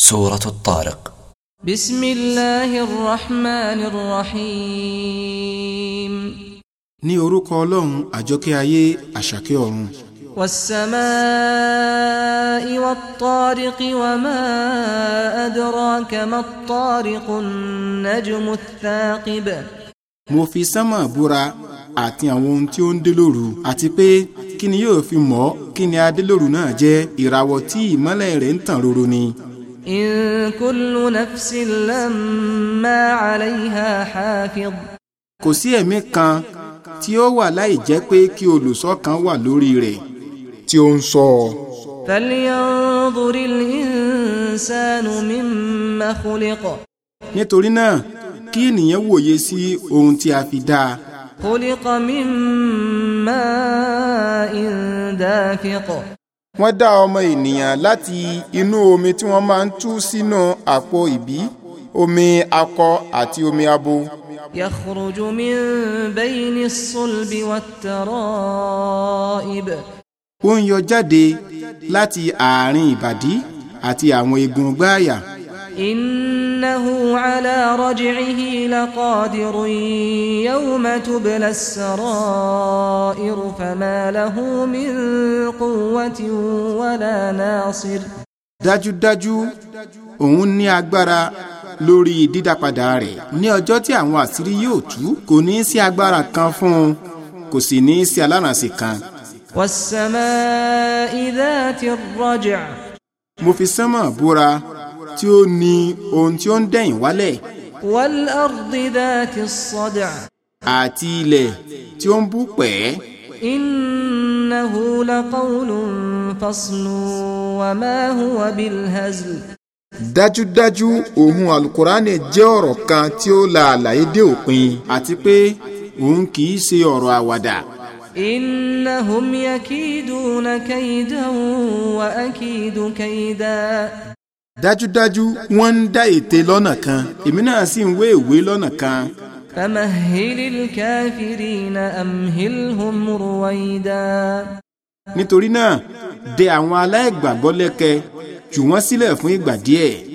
سورة الطارق بسم الله الرحمن الرحيم ní orúkọ ọlọ́run àjọkẹ́ ayé àṣàkẹ́ ọ̀run. والسماء والطارق وما أدراك ما الطارق النجم الثاقب mo fi sánmà búra àti àwọn ohun tí ó ń dé lóru àti pé kí ni yóò fi mọ̀ kí ni adélòrù náà jẹ́ ìràwọ̀ tí ìmọ́lẹ̀ rẹ̀ ń tàn roro ni. إن كل نفس لما عليها حافظ kò sí ẹ̀mí kan tí ó wà láì jẹ́ pé kí olùṣọ́ kan wà lórí rẹ̀ tí ó ń ṣọ́ ọ. فلينظر الإنسان مما nítorí náà kí ènìyàn wòye sí ohun tí a fi dá a. خلق من ماء wọ́n dá ọmọ ènìyàn láti inú omi tí wọ́n máa ń tú sínú àpò ìbí omi akọ àti omi abo. يخرج من بين الصلب والترائب. ó ń yọ jáde láti àárín ìbàdí àti àwọn eegun gbáàyà. إن إنه على رجعه لقادر يوم تبلى السرائر فما له من قوة ولا ناصر dájúdájú òun ní agbára lórí dídápadà rẹ̀ ní ọjọ́ tí àwọn àṣírí yóò tú kò ní í sí agbára kan fún un kò sì ní í sí aláràǹsì kan. والسماء ذات الرجع. mo fi sánmọ̀ búra tí ó ní ohun tí ó ń dẹ̀yìn wálẹ̀. wal-ardi dhati s-sad'i. àti ilẹ̀ tí ó ń bú pẹ́. innahu laqawlun faslun wa ma huwa bil-hazl. dájúdájú ohun alukurani jẹ́ ọ̀rọ̀ kan tí ó la àlàyé dé òpin àti pé òun kì í ṣe ọ̀rọ̀ àwàdà. innahum yakiduna kaydan wa akidu kayda dájúdájú wọ́n ń dá ète lọ́nà kan èmi náà sì ń wé ìwé lọ́nà kan. famahilil kafirina amhilhum ruwaida. nítorí náà dè àwọn aláìgbàgbọ́ lẹ́kẹ jù wọ́n sílẹ̀ fún ìgbà díẹ̀.